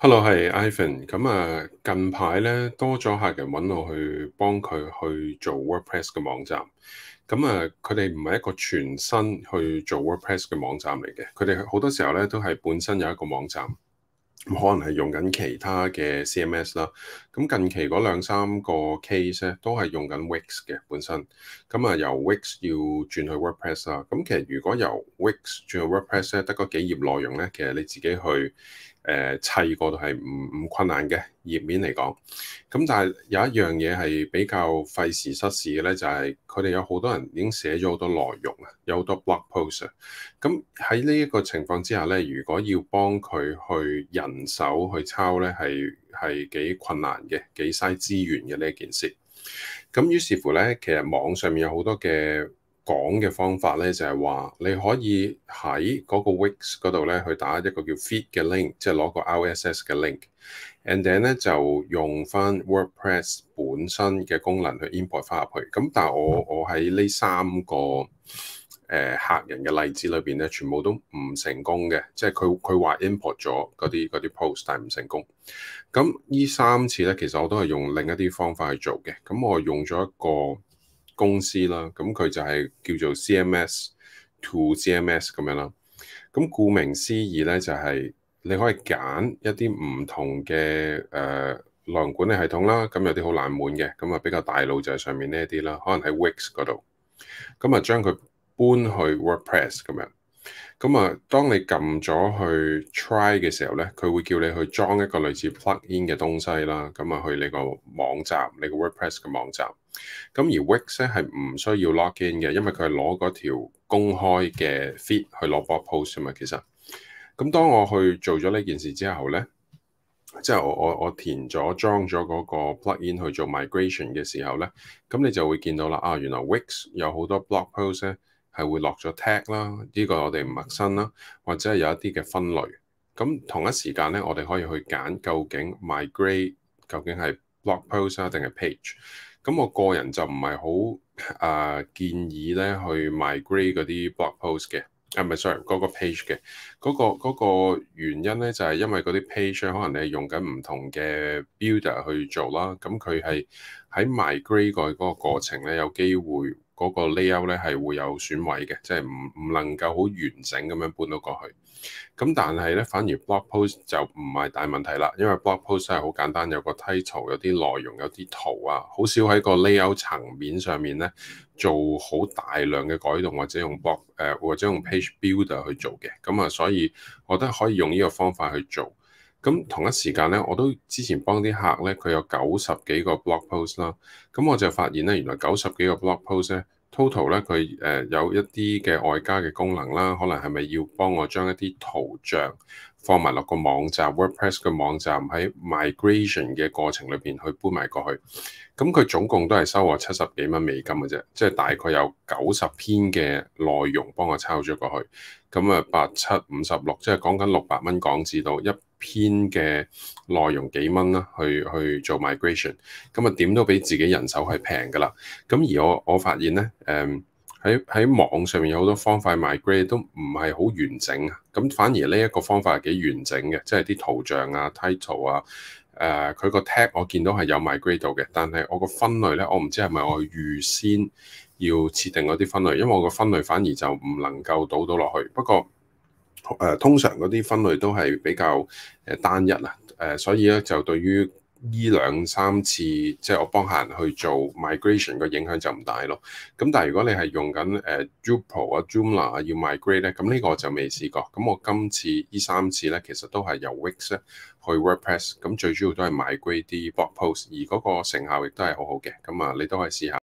Hello，係 Ivan。咁啊，近排咧多咗客人揾我去幫佢去做 WordPress 嘅網站。咁啊，佢哋唔係一個全新去做 WordPress 嘅網站嚟嘅。佢哋好多時候咧都係本身有一個網站，咁可能係用緊其他嘅 CMS 啦。咁近期嗰兩三個 case 咧都係用緊 Wix 嘅本身。咁啊，由 Wix 要轉去 WordPress 啦。咁其實如果由 Wix 轉去 WordPress 咧，得嗰幾頁內容咧，其實你自己去。誒、呃、砌個度係唔唔困難嘅頁面嚟講，咁但係有一樣嘢係比較費時失事嘅咧，就係佢哋有好多人已經寫咗好多內容啊，有好多 blog post。咁喺呢一個情況之下咧，如果要幫佢去人手去抄咧，係係幾困難嘅，幾嘥資源嘅呢一件事。咁於是乎咧，其實網上面有好多嘅。講嘅方法咧就係、是、話你可以喺嗰個 Wix 嗰度咧去打一個叫 Feed 嘅 link，即係攞個 RSS 嘅 link，and then 咧就用翻 WordPress 本身嘅功能去 import 翻入去。咁但係我我喺呢三個誒、呃、客人嘅例子裏邊咧，全部都唔成功嘅，即係佢佢話 import 咗嗰啲嗰啲 post，但係唔成功。咁呢三次咧，其實我都係用另一啲方法去做嘅。咁我用咗一個。公司啦，咁佢就係叫做 CMS to CMS 咁樣啦。咁顧名思義咧，就係你可以揀一啲唔同嘅誒內容管理系統啦。咁有啲好冷門嘅，咁啊比較大路就係上面呢一啲啦，可能喺 Wix 度，咁啊將佢搬去 WordPress 咁樣。咁啊、嗯,當你撳咗去 try 嘅時候咧，佢會叫你去裝一個類似 plugin 嘅東西啦。咁、嗯、啊，去你個網站，你個 WordPress 嘅網站。咁、嗯、而 Wix 咧係唔需要 log in 嘅，因為佢係攞嗰條公開嘅 feed 去攞 blog post 啊嘛，其實。咁、嗯、當我去做咗呢件事之後咧，即係我我我填咗裝咗嗰個 plugin 去做 migration 嘅時候咧，咁、嗯、你就會見到啦。啊，原來 Wix 有好多 blog post 咧。係會落咗 tag 啦，呢個我哋唔陌生啦，或者係有一啲嘅分類。咁同一時間咧，我哋可以去揀究竟 migrate 究竟係 blog post 定、啊、係 page。咁我個人就唔係好啊建議咧去 migrate 嗰啲 blog post 嘅，誒、啊、咪 sorry 嗰個 page 嘅嗰、嗰個嗰個原因咧就係、係、因為嗰啲 page 可能你係用緊唔同嘅 builder 去做啦，咁佢係喺 migrate 嗰個過程咧有機會。嗰個 layout 咧係會有損毀嘅，即係唔唔能夠好完整咁樣搬到過去。咁但係咧，反而 blog post 就唔係大問題啦，因為 blog post 係好簡單，有個 title，有啲內容，有啲圖啊，好少喺個 layout 層面上面咧做好大量嘅改動，或者用 blog 誒、呃，或者用 page builder 去做嘅。咁啊，所以我覺得可以用呢個方法去做。咁同一時間咧，我都之前幫啲客咧，佢有九十幾個 blog post 啦。咁我就發現咧，原來九十幾個 blog post 咧，total 咧，佢誒有一啲嘅外加嘅功能啦，可能係咪要幫我將一啲圖像.放埋落個網站 WordPress 嘅網站喺 migration 嘅過程裏邊去搬埋過去，咁佢總共都係收我七十幾蚊美金嘅啫，即係大概有九十篇嘅內容幫我抄咗過去，咁啊八七五十六，56，即係講緊六百蚊港紙到一篇嘅內容幾蚊啦，去去做 migration，咁啊點都比自己人手係平噶啦，咁而我我發現咧，誒、嗯。喺喺網上面有好多方法 migrate 都唔係好完整啊，咁反而呢一個方法係幾完整嘅，即係啲圖像啊、title 啊，誒佢個 tab 我見到係有 migrate 到嘅，但係我個分類咧，我唔知係咪我預先要設定嗰啲分類，因為我個分類反而就唔能夠倒到落去。不過誒、呃，通常嗰啲分類都係比較誒單一啊，誒、呃、所以咧就對於。呢兩三次即係我幫客人去做 migration 個影響就唔大咯。咁但係如果你係用緊誒 Drupal 啊、Joomla 要 migrate 咧，咁呢個就未試過。咁我今次呢三次咧，其實都係由 Wix 去 WordPress，咁最主要都係 migrate 啲 blog post，而嗰個成效亦都係好好嘅。咁啊，你都可以試下。